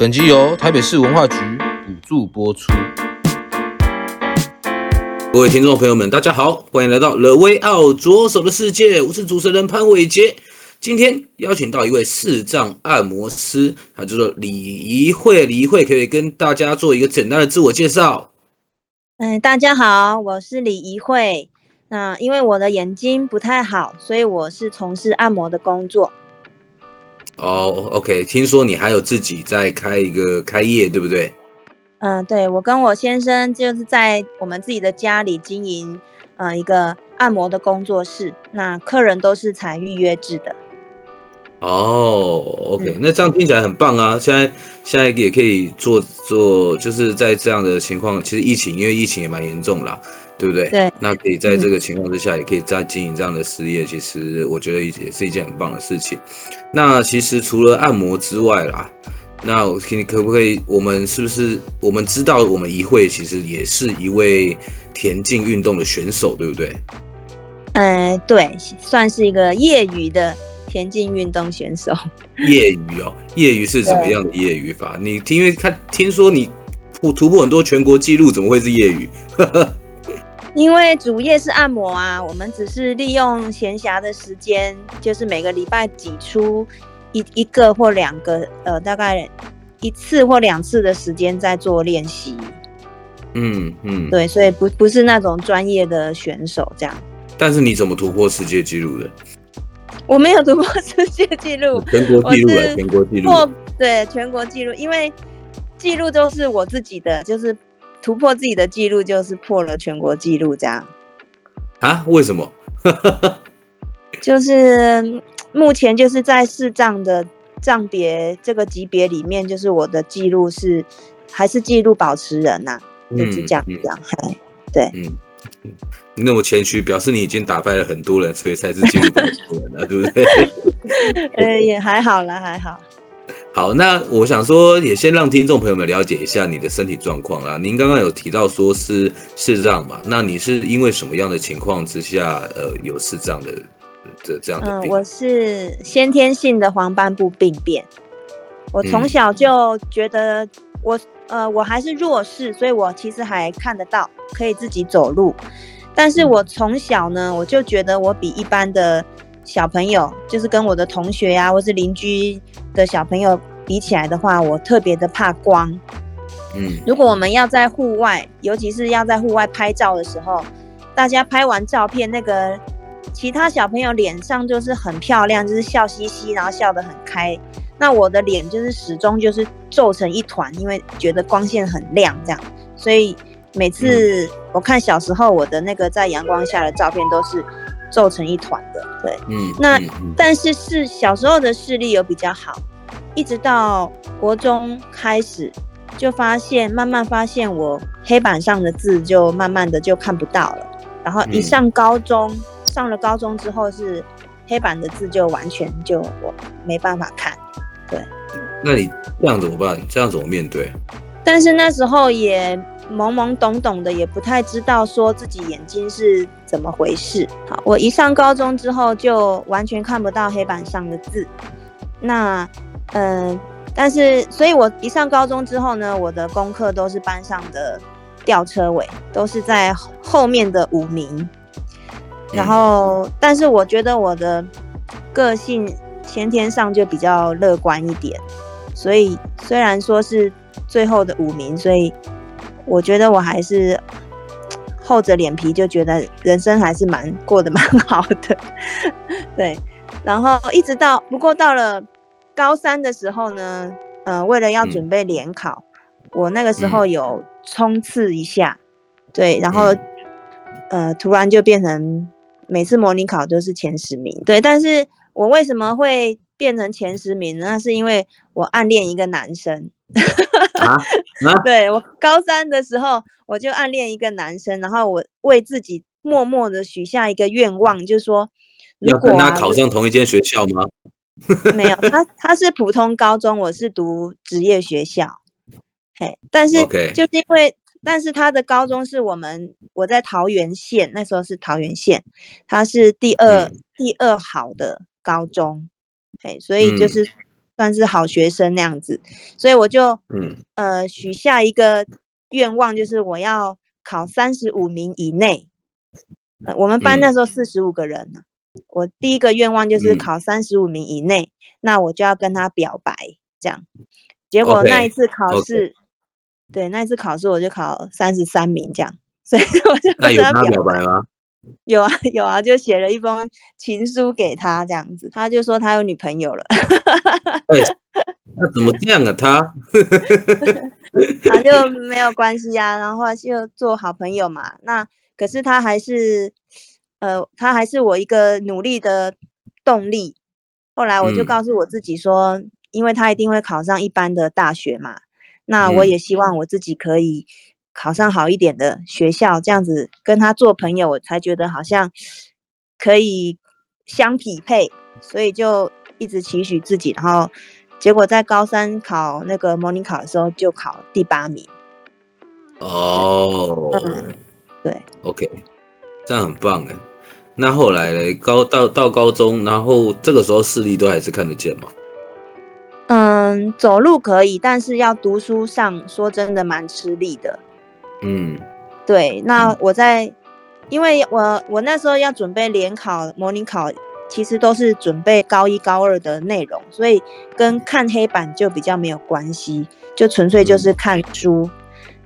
本集由台北市文化局補助播出。各位聽眾朋友們，大家好，歡迎來到《The Way Out》左手的視界，我是主持人潘偉杰。今天邀請到一位視障按摩師，她叫做李怡慧。李怡慧，可以跟大家做一個簡單的自我介紹。嗯、呃，大家好，我是李怡慧。那、呃、因為我的眼睛不太好，所以我是從事按摩的工作。哦、oh,，OK，聽說你還有自己在開一個開業，對不對？嗯、uh,，對，我跟我先生就是在我們自己的家裡經營、呃，一個按摩的工作室。那客人都是採預約制的。哦、oh,，OK，那這樣聽起來很棒啊！嗯、現在現在也可以做做，就是在這樣的情況，其實疫情因為疫情也蠻嚴重啦。對不對，對？那可以在這個情況之下，也可以再經營這樣的事業，嗯。其實我覺得也是一件很棒的事情。那其實除了按摩之外啦，那我你可不可以，我們是不是，我們知道我們怡慧其實也是一位田徑運動的選手，對不對？嗯、呃，對，算是一個業餘的田徑運動選手。業餘哦，業餘是怎麼樣的業餘法？你聽因為他聽說你破突破很多全國紀錄，怎麼會是業餘？ 因為主業是按摩啊，我們只是利用閒暇的時間，就是每個禮拜擠出一一個或兩個，呃，大概一次或兩次的時間在做練習。嗯嗯，對，所以不不是那種專業的選手這樣。但是你怎麼突破世界紀錄的？我沒有突破世界紀錄，全國紀錄啊，全國紀錄，對，全國紀錄，因為記錄都是我自己的，就是。突破自己的記錄就是破了全國記錄，這樣啊？為什麼？ 就是目前就是在視障的障別這個級別裡面，就是我的記錄是還是記錄保持人吶、啊嗯，就是這樣，這、嗯、對。嗯，那麼謙虛表示你已經打敗了很多人，所以才是記錄保持人啊， 對不對？呃、欸，也還好啦，還好。好，那我想說，也先讓聽眾朋友們了解一下你的身體狀況啦。您剛剛有提到說是視障嘛？那你是因為什麼樣的情況之下，呃，有視障的這這樣的、呃？我是先天性的黃斑部病變。我從小就覺得我、嗯、呃我還是弱視，所以我其實還看得到，可以自己走路。但是我從小呢、嗯，我就覺得我比一般的小朋友，就是跟我的同學呀、啊，或是鄰居的小朋友。比起來的話，我特別的怕光。嗯，如果我們要在戶外，尤其是要在戶外拍照的時候，大家拍完照片，那個其他小朋友臉上就是很漂亮，就是笑嘻嘻，然後笑得很開。那我的臉就是始終就是皺成一團，因為覺得光線很亮，這樣。所以每次我看小時候我的那個在陽光下的照片，都是皺成一團的。對，嗯。那嗯嗯但是是小時候的視力有比較好。一直到國中開始，就發現，慢慢發現我黑板上的字就慢慢的就看不到了。然後一上高中，嗯、上了高中之後是，黑板的字就完全就我沒辦法看。對，那你這樣怎麼辦？這樣怎麼面對？但是那時候也懵懵懂懂的，也不太知道說自己眼睛是怎麼回事。好，我一上高中之後就完全看不到黑板上的字。那。嗯、呃，但是，所以我一上高中之後呢，我的功課都是班上的吊車尾，都是在後面的五名。然後，欸、但是我覺得我的個性先天上就比較樂觀一點，所以雖然說是最後的五名，所以我覺得我還是厚着臉皮就覺得人生還是蠻過得蠻好的。 對，然後一直到，不過到了。高三的時候呢，呃，為了要準備聯考，嗯，我那個時候有衝刺一下，嗯，對，然後，嗯，呃，突然就變成每次模擬考都是前十名，對。但是我為什麼會變成前十名呢？那是因為我暗戀一個男生，啊，啊 對我高三的時候我就暗戀一個男生，然後我為自己默默的許下一個願望，就是說，啊，要跟他考上同一間學校嗎？ 沒有，他他是普通高中，我是讀職業學校。嘿，但是就是因為，okay. 但是他的高中是我們，我在桃園縣，那時候是桃園縣，他是第二、嗯、第二好的高中，嘿，所以就是算是好學生那樣子，嗯、所以我就嗯呃許下一個願望，就是我要考三十五名以內、呃，我們班那時候四十五個人呢。嗯我第一個願望就是考三十五名以內，嗯，那我就要跟他表白，這樣。結果那一次考試，Okay, okay. 對，那一次考試我就考三十三名，這樣，所以我就跟他表白了。有啊，有啊，就寫了一封情書給他，這樣子，他就說他有女朋友了。 欸，那怎麼這樣啊？他他 就沒有關係啊，然後後來就做好朋友嘛。那可是他還是。呃，他還是我一個努力的動力。後來我就告訴我自己說、嗯，因為他一定會考上一般的大學嘛，那我也希望我自己可以考上好一點的學校，嗯、這樣子跟他做朋友，我才覺得好像可以相匹配。所以就一直期許自己，然後結果在高三考那個模擬考的時候就考第八名。哦，嗯、對，OK，這樣很棒哎。那後來咧，高到到高中，然後這個時候視力都還是看得見嗎？嗯，走路可以，但是要讀書上，說真的蠻吃力的。嗯，對。那我在，嗯、因為我我那時候要準備聯考，模擬考，其實都是準備高一高二的內容，所以跟看黑板就比較沒有關係，就純粹就是看書。嗯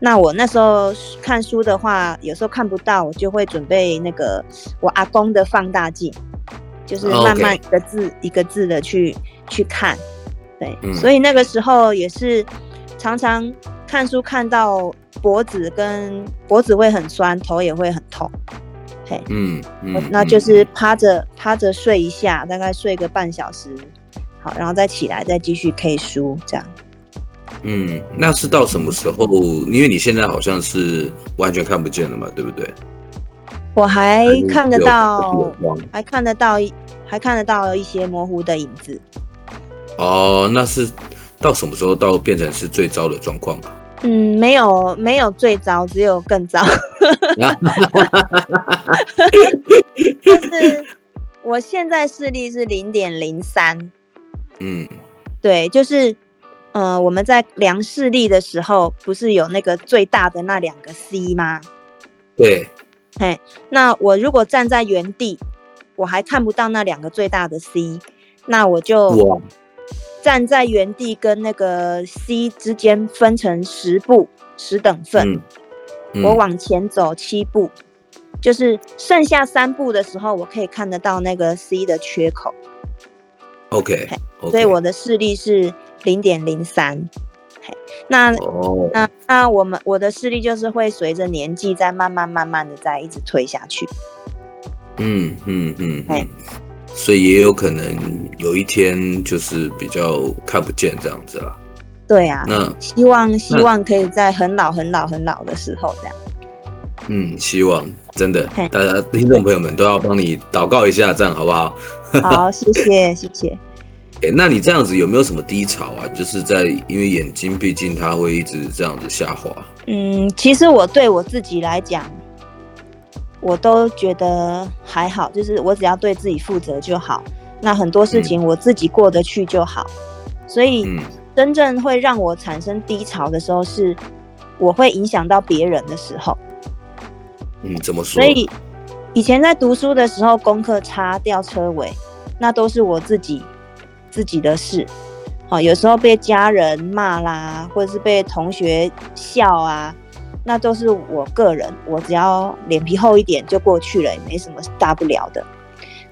那我那時候看書的話，有時候看不到，我就會準備那個我阿公的放大鏡，就是慢慢一個字、okay. 一個字的去去看，對、嗯，所以那個時候也是常常看書看到脖子跟脖子會很酸，頭也會很痛，對，嗯，嗯那就是趴着趴着睡一下、嗯，大概睡個半小時，好，然後再起來再繼續 K 書這樣。嗯，那是到什麼時候？因為你現在好像是完全看不見了嘛，對不對？我還看得到，還看得到一，還看得到一些模糊的影子。哦，那是到什麼時候到變成是最糟的狀況？嗯，沒有沒有最糟，只有更糟。就 是我現在視力是零點零三。嗯，對，就是。呃，我們在量視力的時候，不是有那個最大的那兩個 C 嗎？對。嘿，那我如果站在原地，我還看不到那兩個最大的 C，那我就站在原地跟那個 C 之間分成十步，十等份，嗯嗯、我往前走七步，就是剩下三步的時候，我可以看得到那個 C 的缺口。OK, okay。嘿，所以我的視力是。零點零三，oh. 那那那我們我的視力就是會隨着年紀在慢慢慢慢的在一直退下去。嗯嗯嗯嘿，所以也有可能有一天就是比較看不見這樣子啦。對啊，那希望那希望可以在很老很老很老的時候這樣。嗯，希望真的嘿，大家聽眾朋友們都要幫你禱告一下，這樣好不好？ 好，謝謝謝謝。那你這樣子有沒有什麼低潮啊？就是在因為眼睛，畢竟它會一直這樣子下滑。嗯，其實我對我自己來講，我都覺得還好，就是我只要對自己負責就好。那很多事情我自己過得去就好。嗯、所以，真正會讓我產生低潮的時候是，是我會影響到別人的時候。嗯，怎麼說？所以，以前在讀書的時候，功課差吊車尾，那都是我自己。自己的事，好、哦，有時候被家人罵啦，或者是被同學笑啊，那都是我個人，我只要臉皮厚一點就過去了，也沒什麼大不了的。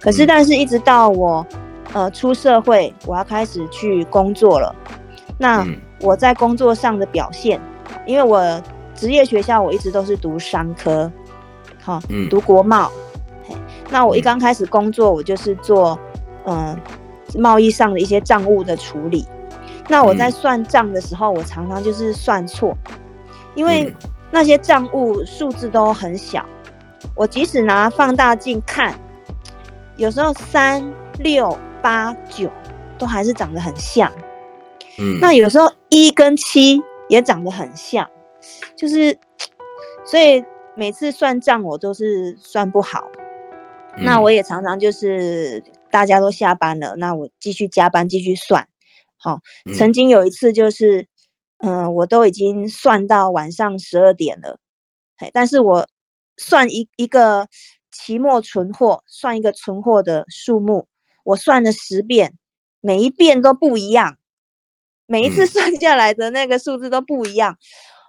可是、嗯，但是一直到我，呃，出社會，我要開始去工作了。那我在工作上的表現，嗯、因為我職業學校我一直都是讀商科，好、哦嗯、讀國貿。那我一剛開始工作、嗯，我就是做，嗯、呃。貿易上的一些賬務的處理，那我在算賬的時候，我常常就是算錯，嗯，因為那些賬務數字都很小，我即使拿放大鏡看，有時候三六八九都還是長得很像，嗯，那有時候一跟七也長得很像，就是所以每次算賬我都是算不好，嗯，那我也常常就是。大家都下班了，那我繼續加班繼續算。好、哦，曾經有一次就是，嗯、呃，我都已經算到晚上十二點了，嘿，但是我算一一個期末存貨，算一個存貨的數目，我算了十遍，每一遍都不一樣，每一次算下來的那個數字都不一樣。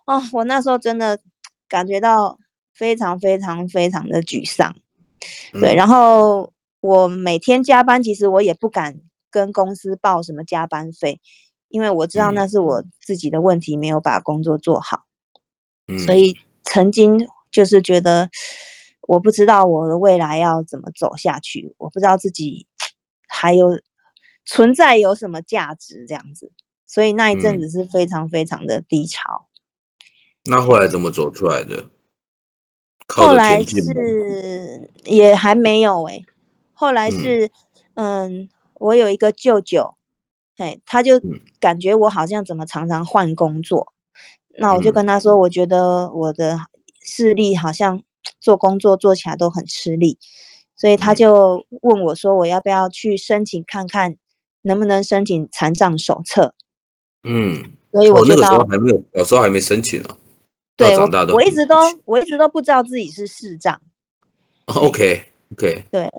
哦，我那時候真的感覺到非常非常非常的沮喪、嗯。對，然後。我每天加班，其實我也不敢跟公司報什麼加班費，因為我知道那是我自己的問題，嗯、沒有把工作做好、嗯。所以曾經就是覺得，我不知道我的未來要怎麼走下去，我不知道自己還有存在有什麼價值這樣子。所以那一陣子是非常非常的低潮。嗯、那後來怎麼走出來的？後來是也還沒有哎、欸。後來是嗯，嗯，我有一個舅舅，哎，他就感覺我好像怎麼常常換工作、嗯，那我就跟他說，我覺得我的視力好像做工作做起來都很吃力，所以他就問我說，我要不要去申請看看，能不能申請殘障手冊？嗯、哦，所以我覺得我那時候還沒有，有時候還沒申請呢、哦。對，我我一直都我一直都不知道自己是視障、哦。OK OK，對。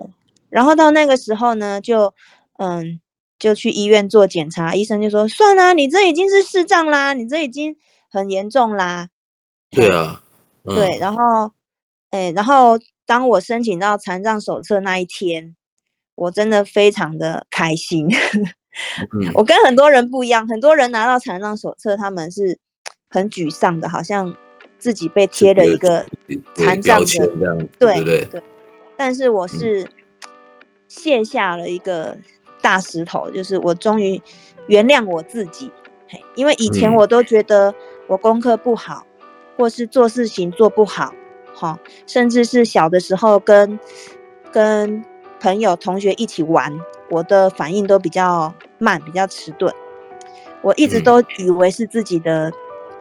然後到那個時候呢，就，嗯，就去醫院做檢查，醫生就說，算啦、啊，你這已經是視障啦，你這已經很嚴重啦。對啊，嗯、對。然後，哎，然後當我申請到殘障手冊那一天，我真的非常的開心。 嗯、我跟很多人不一樣，很多人拿到殘障手冊，他們是，很沮喪的，好像自己被貼了一個殘障的這樣子，對不對？對。但是我是。嗯卸下了一個大石頭，就是我終於原諒我自己。嘿，因為以前我都覺得我功課不好，或是做事情做不好，哈，甚至是小的時候跟跟朋友同學一起玩，我的反應都比較慢，比較遲鈍。我一直都以為是自己的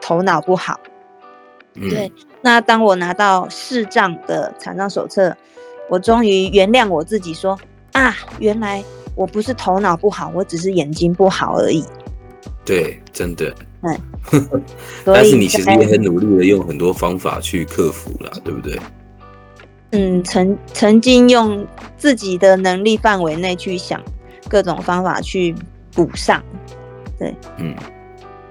頭腦不好。嗯。對，那當我拿到視障的殘障手冊，我終於原諒我自己說，啊，原來我不是頭腦不好，我只是眼睛不好而已。對，真的。嗯， 但是你其實也很努力的用很多方法去克服了，對不對？嗯，曾曾經用自己的能力範圍內去想各種方法去補上。對，嗯。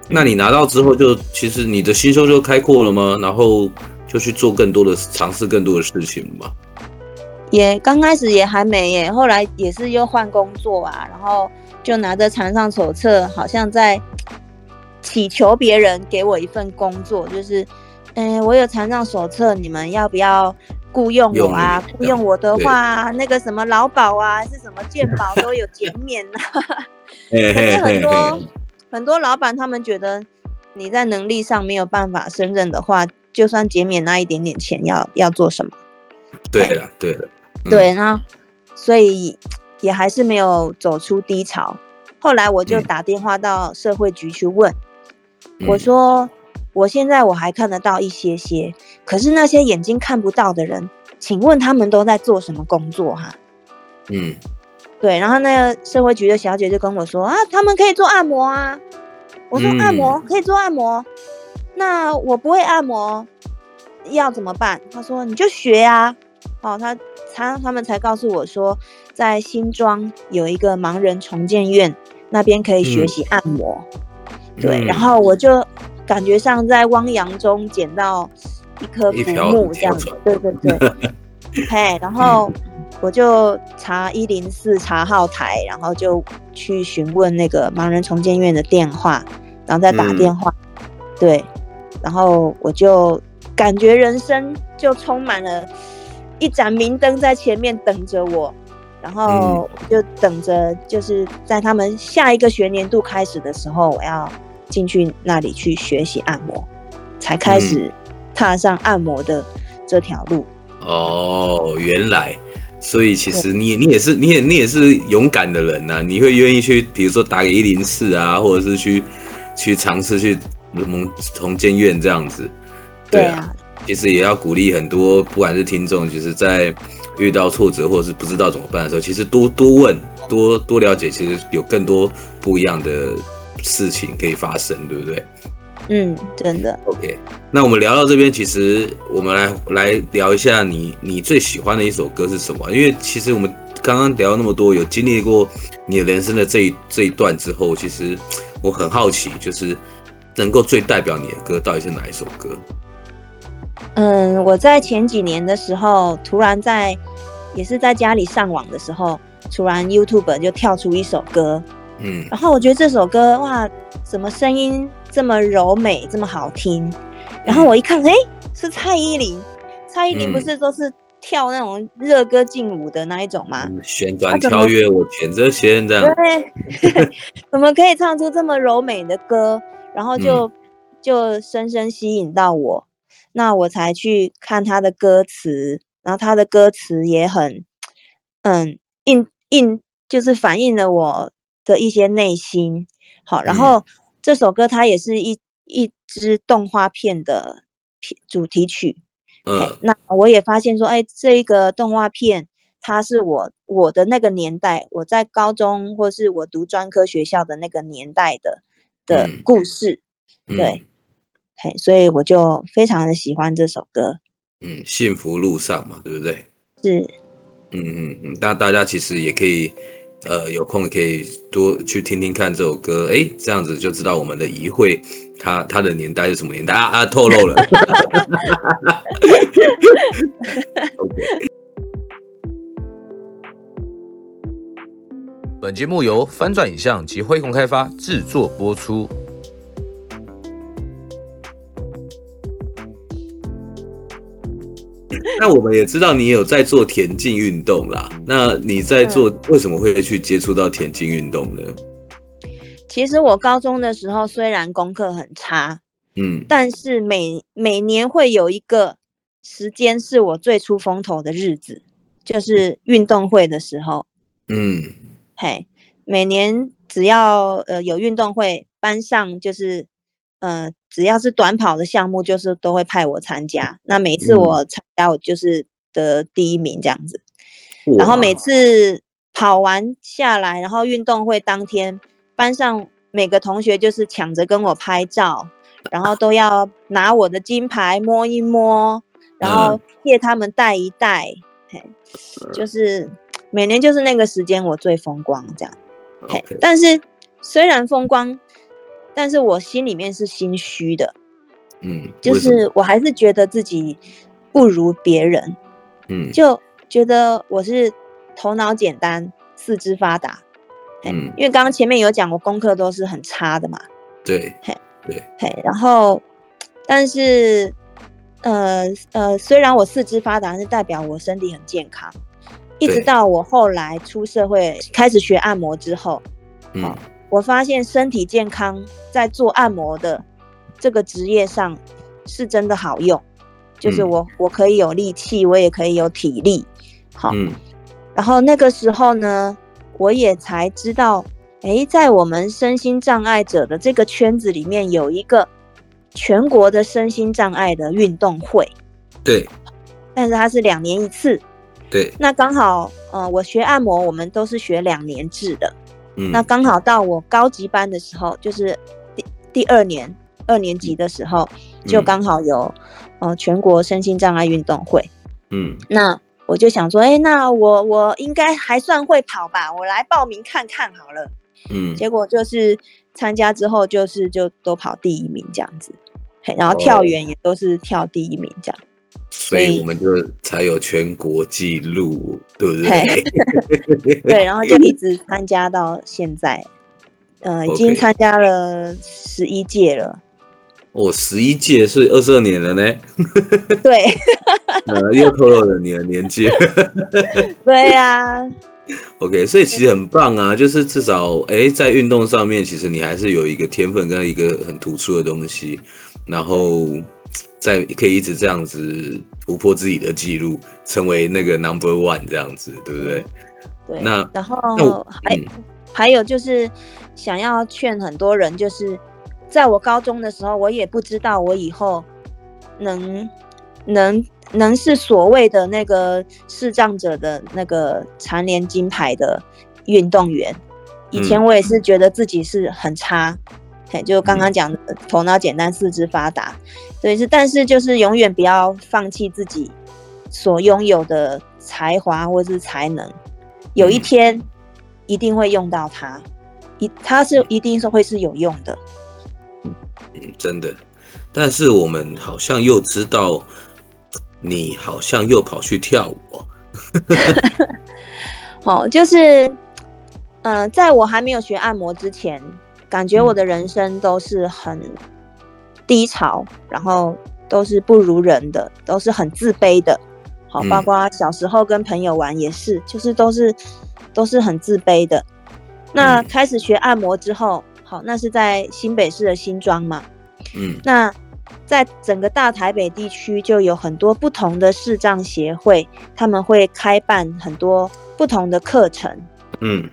那你拿到之後就，就其實你的心胸就開闊了嗎？然後就去做更多的嘗試，更多的事情嗎？也、yeah, 剛開始也還沒耶，後來也是又換工作啊，然後就拿着殘障手冊，好像在祈求別人給我一份工作，就是，嗯、欸，我有殘障手冊，你們要不要雇傭我啊？用雇傭我的話，啊，那個什麼勞保啊，還是什麼健保都有減免呢、啊。可 是很多 很多老闆他們覺得你在能力上沒有辦法勝任的話，就算減免那一點點錢要，要要做什麼？對的，對的。對，然後所以也還是沒有走出低潮。後來我就打電話到社會局去問，嗯嗯、我說：“我現在我還看得到一些些，可是那些眼睛看不到的人，請問他們都在做什麼工作、啊？”哈，嗯，對。然後那個社會局的小姐就跟我說：“啊，他們可以做按摩啊。”我說：“按摩、嗯、可以做按摩，那我不會按摩，要怎麼辦？”她說：“你就學呀、啊。”哦，他他他們才告訴我說，在新莊有一個盲人重建院，那邊可以學習按摩。嗯、對、嗯，然後我就感覺像在汪洋中撿到一顆浮木這樣子，對對對。對。 然後我就查一零四查號台，然後就去詢問那個盲人重建院的電話，然後再打電話。嗯、對，然後我就感覺人生就充滿了，一盞明燈在前面等着我，然後就等着，就是在他們下一個學年度開始的時候，我要進去那裡去學習按摩，才開始踏上按摩的這條路。嗯。哦，原來，所以其實你你也，你也是，你也你也是勇敢的人吶、啊！你會願意去，比如說打給一零四啊，或者是去去嘗試去從從監院這樣子，對，對啊。其實也要鼓勵很多，不管是聽眾，就是在遇到挫折或是不知道怎麼辦的時候，其實多多問、多多了解，其實有更多不一樣的事情可以發生，對不對？嗯，真的。OK，那我們聊到這邊，其實我們來來聊一下你，你你最喜歡的一首歌是什麼？因為其實我們剛剛聊那麼多，有經歷過你的人生的這一這一段之後，其實我很好奇，就是能夠最代表你的歌到底是哪一首歌？嗯，我在前幾年的時候，突然在也是在家裡上網的時候，突然 YouTube 就跳出一首歌，嗯，然後我覺得這首歌哇，怎麼聲音這麼柔美，這麼好聽？然後我一看，哎、嗯欸，是蔡依林，蔡依林不是都是跳那種熱歌勁舞的那一種嗎？嗯、旋轉跳躍、啊，我選擇些這樣，對， 怎麼可以唱出這麼柔美的歌？然後就、嗯、就深深吸引到我。那我才去看他的歌詞，然後他的歌詞也很，嗯，印印就是反映了我的一些內心。好，然後這首歌它也是一一支動畫片的主題曲、嗯欸。那我也發現說，哎、欸，這個動畫片它是我我的那個年代，我在高中或是我讀專科學校的那個年代的的故事。嗯嗯、對。所以我就非常的喜歡這首歌。嗯，幸福路上嘛，對不對？是。嗯嗯嗯，那大家其實也可以，呃，有空可以多去聽聽看這首歌。哎，這樣子就知道我們的怡慧他它的年代是什麼年代啊，啊，透露了。 okay. 本節目由翻轉影像及輝洪開發製作播出。那我們也知道你有在做田徑運動啦。那你在做，為什麼會去接觸到田徑運動呢？嗯，其實我高中的時候雖然功課很差，嗯，但是每每年會有一個時間是我最出風頭的日子，就是運動會的時候。嗯，嘿，每年只要呃有運動會，班上就是。嗯、呃，只要是短跑的項目，就是都會派我參加。那每次我參加，我就是得第一名這樣子、嗯。然後每次跑完下來，然後運動會當天，班上每個同學就是搶着跟我拍照，然後都要拿我的金牌摸一摸，然後借他們戴一戴、嗯。嘿，就是每年就是那個時間我最風光這樣。Okay. 嘿，但是雖然風光。但是我心裡面是心虛的，嗯，就是我還是覺得自己不如別人，嗯，就覺得我是頭腦簡單，四肢發達，嗯，因為剛剛前面有講我功課都是很差的嘛，對，嘿，對，嘿，然後，但是，呃呃，雖然我四肢發達但是代表我身體很健康，一直到我後來出社會開始學按摩之後，嗯。哦我發現身體健康在做按摩的這個職業上是真的好用，就是我我可以有力氣，我也可以有體力。好，嗯，然後那個時候呢，我也才知道，哎，在我們身心障礙者的這個圈子裡面，有一個全國的身心障礙的運動會。對。但是它是兩年一次。對。那剛好，嗯，呃，我學按摩，我們都是學兩年制的。嗯，那剛好到我高級班的時候，就是第第二年二年級的時候，嗯，就剛好有，呃，全國身心障礙運動會。嗯，那我就想說，哎、欸，那我我應該還算會跑吧，我來報名看看好了。嗯，結果就是參加之後，就是就都跑第一名這樣子，嘿，然後跳遠也都是跳第一名這樣子。所以我們就才有全國紀錄，對不對？對，然後就一直參加到現在， 呃，okay. 已經參加了十一屆了。哦，十一屆是二十二年了呢。 對， 呃、又透露了你的年紀。 對啊 OK，所以其實很棒啊，就是至少哎、欸，在運動上面，其實你還是有一個天分跟一個很突出的東西，然後。在可以一直這樣子突破自己的記錄，成為那個 number one 這樣子，對不對？對。那然後，哦、還、嗯、還有就是想要勸很多人，就是在我高中的時候，我也不知道我以後能能能是所謂的那個視障者的那個蟬聯金牌的運動員、嗯。以前我也是覺得自己是很差。Hey, 就剛剛講的，頭腦簡單、嗯、四肢發達，對，是但是就是永遠不要放棄自己所擁有的才華或者是才能，有一天一定會用到它，一、嗯、它是一定是會是有用的。嗯，真的，但是我們好像又知道，你好像又跑去跳舞。哦， 就是，嗯、呃，在我還沒有學按摩之前，感覺我的人生都是很低潮，然後都是不如人的，都是很自卑的。好，包括小時候跟朋友玩也是，就是都是都是很自卑的。那開始學按摩之後，好，那是在新北市的新莊嘛。嗯。那在整個大台北地區，就有很多不同的視障協會，他們會開辦很多不同的課程。嗯。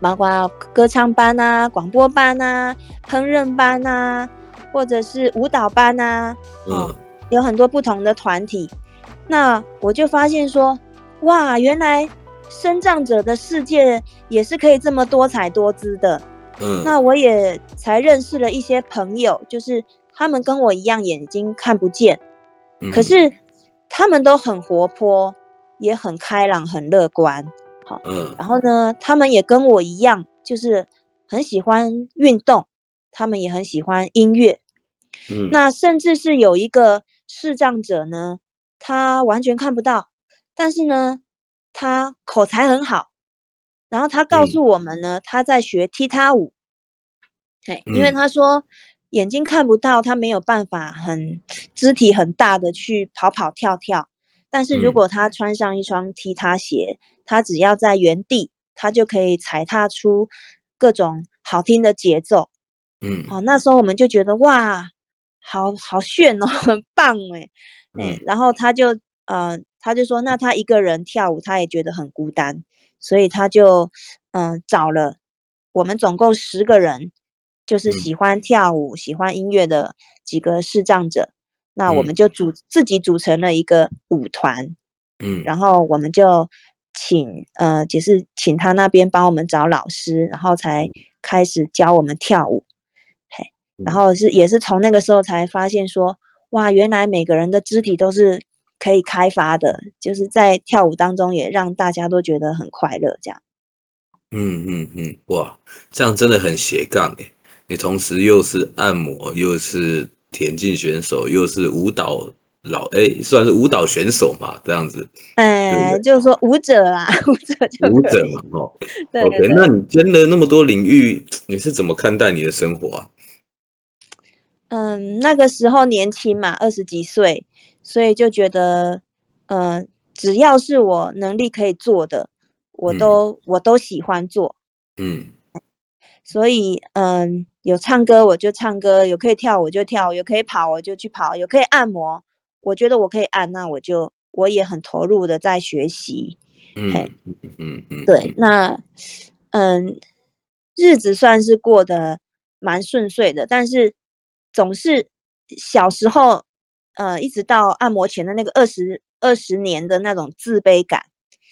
包括歌唱班啊，廣播班啊，烹飪班啊，或者是舞蹈班啊，嗯，哦、有很多不同的團體。那我就發現說，哇，原來身障者的世界也是可以這麼多彩多姿的。嗯，那我也才認識了一些朋友，就是他們跟我一樣眼睛看不見，嗯、可是他們都很活潑，也很開朗，很樂觀。嗯，然後呢，他們也跟我一樣，就是很喜歡運動，他們也很喜歡音樂。嗯，那甚至是有一個視障者呢，他完全看不到，但是呢，他口才很好。然後他告訴我們呢，嗯，他在學踢踏舞。對。嗯，因為他說眼睛看不到，他沒有辦法很肢體很大的去跑跑跳跳。但是如果他穿上一雙踢踏鞋，嗯，他只要在原地，他就可以踩踏出各種好聽的節奏。嗯，好、哦，那時候我們就覺得哇，好好炫哦，很棒誒。哎、嗯。然後他就呃，他就說，那他一個人跳舞，他也覺得很孤單，所以他就嗯、呃、找了我們總共十個人，就是喜歡跳舞，嗯、喜歡音樂的幾個視障者。那我們就組、嗯、自己組成了一個舞團，嗯，然後我們就請呃，就是請他那邊幫我們找老師，然後才開始教我們跳舞，嘿，然後是也是從那個時候才發現說，哇，原來每個人的肢體都是可以開發的，就是在跳舞當中也讓大家都覺得很快樂，這樣。嗯嗯嗯，哇，這樣真的很斜槓誒、欸，你同時又是按摩又是。田徑選手又是舞蹈老哎、欸，算是舞蹈選手嘛，這樣子。哎、欸，就是說舞者啦，舞者就。舞者哦。 對，對，對。OK，那你真的那麼多領域，你是怎麼看待你的生活啊？嗯，那個時候年輕嘛，二十幾歲，所以就覺得，嗯、呃，只要是我能力可以做的，我都、嗯、我都喜歡做。嗯。所以，嗯，有唱歌我就唱歌，有可以跳我就跳，有可以跑我就去跑，有可以按摩，我覺得我可以按，那我就我也很投入的在學習，嗯嗯嗯嗯，對，那嗯，日子算是過得蠻順遂的，但是總是小時候，呃，一直到按摩前的那個二十二十年的那種自卑感，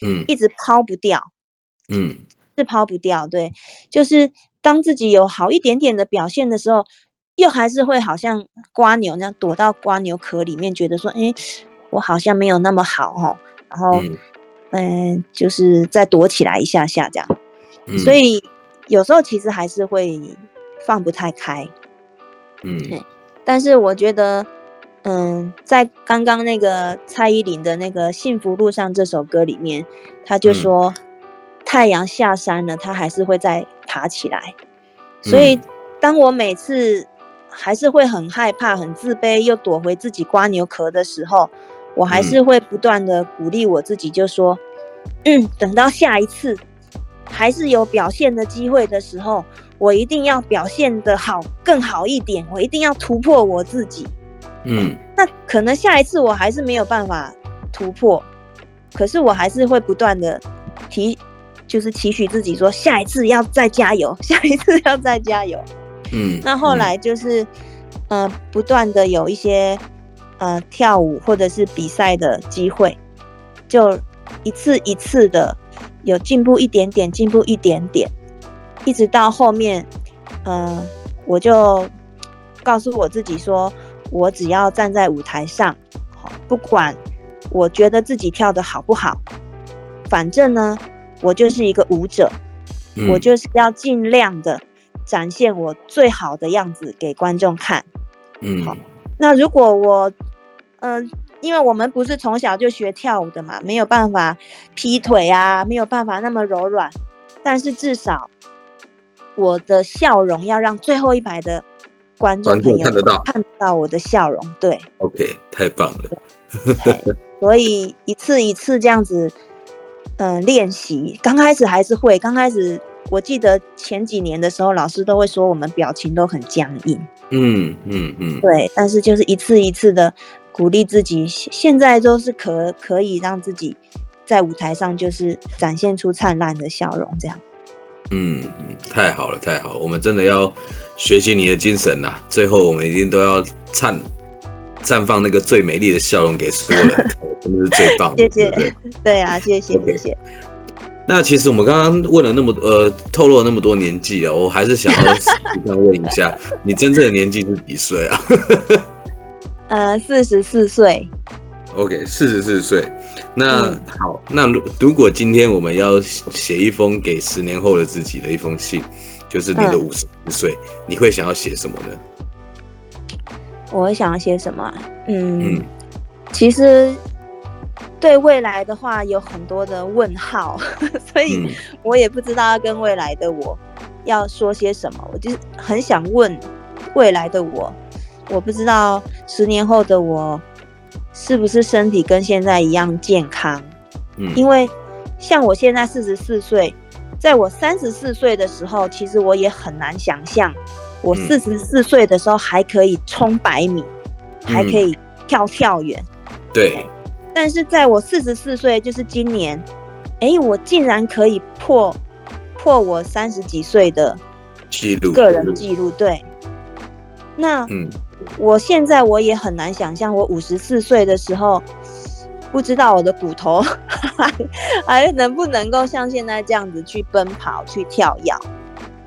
嗯，一直拋不掉，嗯，是拋不掉，對，就是。當自己有好一點點的表現的時候，又還是會好像蝸牛那樣躲到蝸牛殼裡面，覺得說，哎、欸，我好像沒有那麼好哦。然後，嗯、呃，就是再躲起來一下下這樣，嗯、所以有時候其實還是會放不太開，嗯，欸、但是我覺得，嗯，在剛剛那個蔡依林的那個《幸福路上》這首歌裡面，他就說，太陽下山了，他還是會在。爬起來，所以當我每次還是會很害怕、很自卑，又躲回自己蝸牛殼的時候，我還是會不斷的鼓勵我自己，就說：“嗯，嗯，等到下一次還是有表現的機會的時候，我一定要表現得好，更好一點，我一定要突破我自己。”嗯，那可能下一次我還是沒有辦法突破，可是我還是會不斷的提。就是期許自己說，下一次要再加油，下一次要再加油。嗯，那後來就是，嗯、呃，不斷的有一些，呃，跳舞或者是比賽的機會，就一次一次的有進步一點點，進步一點點，一直到後面，嗯、呃，我就告訴我自己說，我只要站在舞臺上，不管我覺得自己跳得好不好，反正呢。我就是一個舞者。嗯，我就是要盡量的展現我最好的樣子給觀眾看。嗯，好。那如果我，嗯、呃，因為我們不是從小就學跳舞的嘛，沒有辦法劈腿啊，沒有辦法那麼柔軟，但是至少我的笑容要讓最後一排的觀眾朋友看得到，看得到我的笑容。對，OK，太棒了對。 所以一次一次這樣子。嗯、呃，練習剛開始還是會，剛開始我記得前幾年的時候，老師都會說我們表情都很僵硬。嗯嗯嗯，對，但是就是一次一次的鼓勵自己，現在都是可可以讓自己在舞台上就是展現出燦爛的笑容，這樣嗯。嗯，太好了，太好了，我們真的要學習你的精神啦！最後我們一定都要燦。綻放那個最美麗的笑容給所有人，真的是最棒。謝謝，對,對,對啊，謝謝，okay. 謝謝。那其實我們剛剛問了那麼呃，透露了那麼多年紀啊、哦，我還是想要問一下， 你真正的年紀是幾歲啊？ 呃，四十四歲。OK，四十四歲。那好、嗯，那如如果今天我們要寫一封給十年後的自己的一封信，就是你的五十五歲，嗯、你會想要寫什麼呢？我會想要些什麼？嗯，其實對未來的話有很多的問號，所以我也不知道要跟未來的我要說些什麼。我就很想問未來的我，我不知道十年後的我是不是身體跟現在一樣健康。嗯，因為像我現在四十四歲，在我三十四歲的時候，其實我也很難想象。我四十四歲的時候還可以衝百米、嗯，還可以跳跳遠。對。但是在我四十四歲，就是今年，哎、欸，我竟然可以破破我三十幾歲的記錄，個人記錄。對。那、嗯，我現在我也很難想象，我五十四歲的時候，不知道我的骨頭還還能不能夠像現在這樣子去奔跑、去跳躍、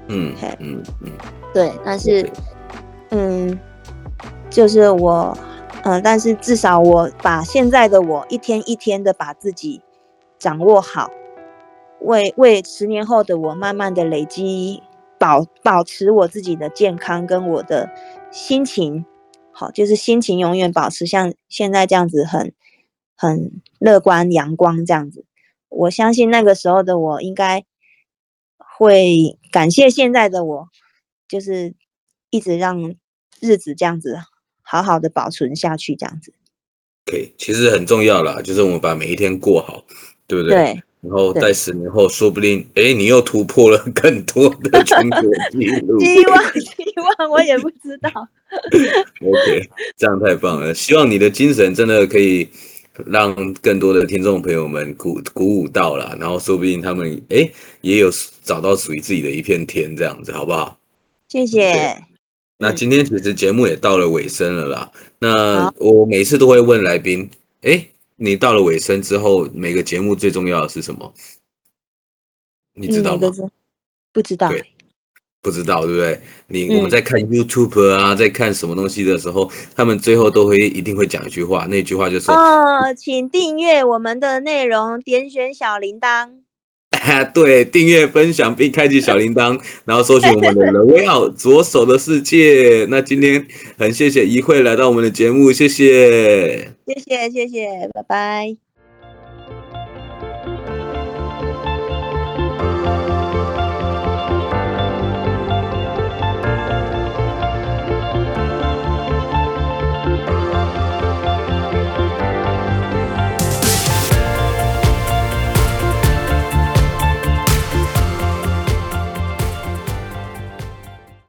嗯 okay。嗯，嗯嗯。對，但是，嗯，就是我，嗯，但是至少我把現在的我一天一天的把自己掌握好，為為十年後的我慢慢的累積，保保持我自己的健康跟我的心情，好，就是心情永遠保持像現在這樣子很很樂觀陽光這樣子。我相信那個時候的我應該會感謝現在的我。就是一直讓日子這樣子好好的保存下去，這樣子。可以，其實很重要啦，就是我們把每一天過好，對不對？對。然後在十年後，說不定哎，你又突破了更多的全國紀錄。希望希望，我也不知道。 OK，這樣太棒了！希望你的精神真的可以讓更多的聽眾朋友們鼓鼓舞到了，然後說不定他們哎也有找到屬於自己的一片天，這樣子好不好？謝謝。那今天其實節目也到了尾聲了啦。嗯、那我每次都會問來賓：哎，你到了尾聲之後，每個節目最重要的是什麼？你知道嗎？嗯、不知道。對，不知道，對不對？你我們在看 YouTube 啊、嗯，在看什麼東西的時候，他們最後都會一定會講一句話，那句話就是：哦，請訂閱我們的內容，點選小鈴鐺。哈， 對，訂閱、分享並開啟小鈴鐺， 然後搜尋我們的榮耀，左手的視界。 那今天很謝謝怡慧來到我們的節目，謝謝，謝謝，謝謝，拜拜。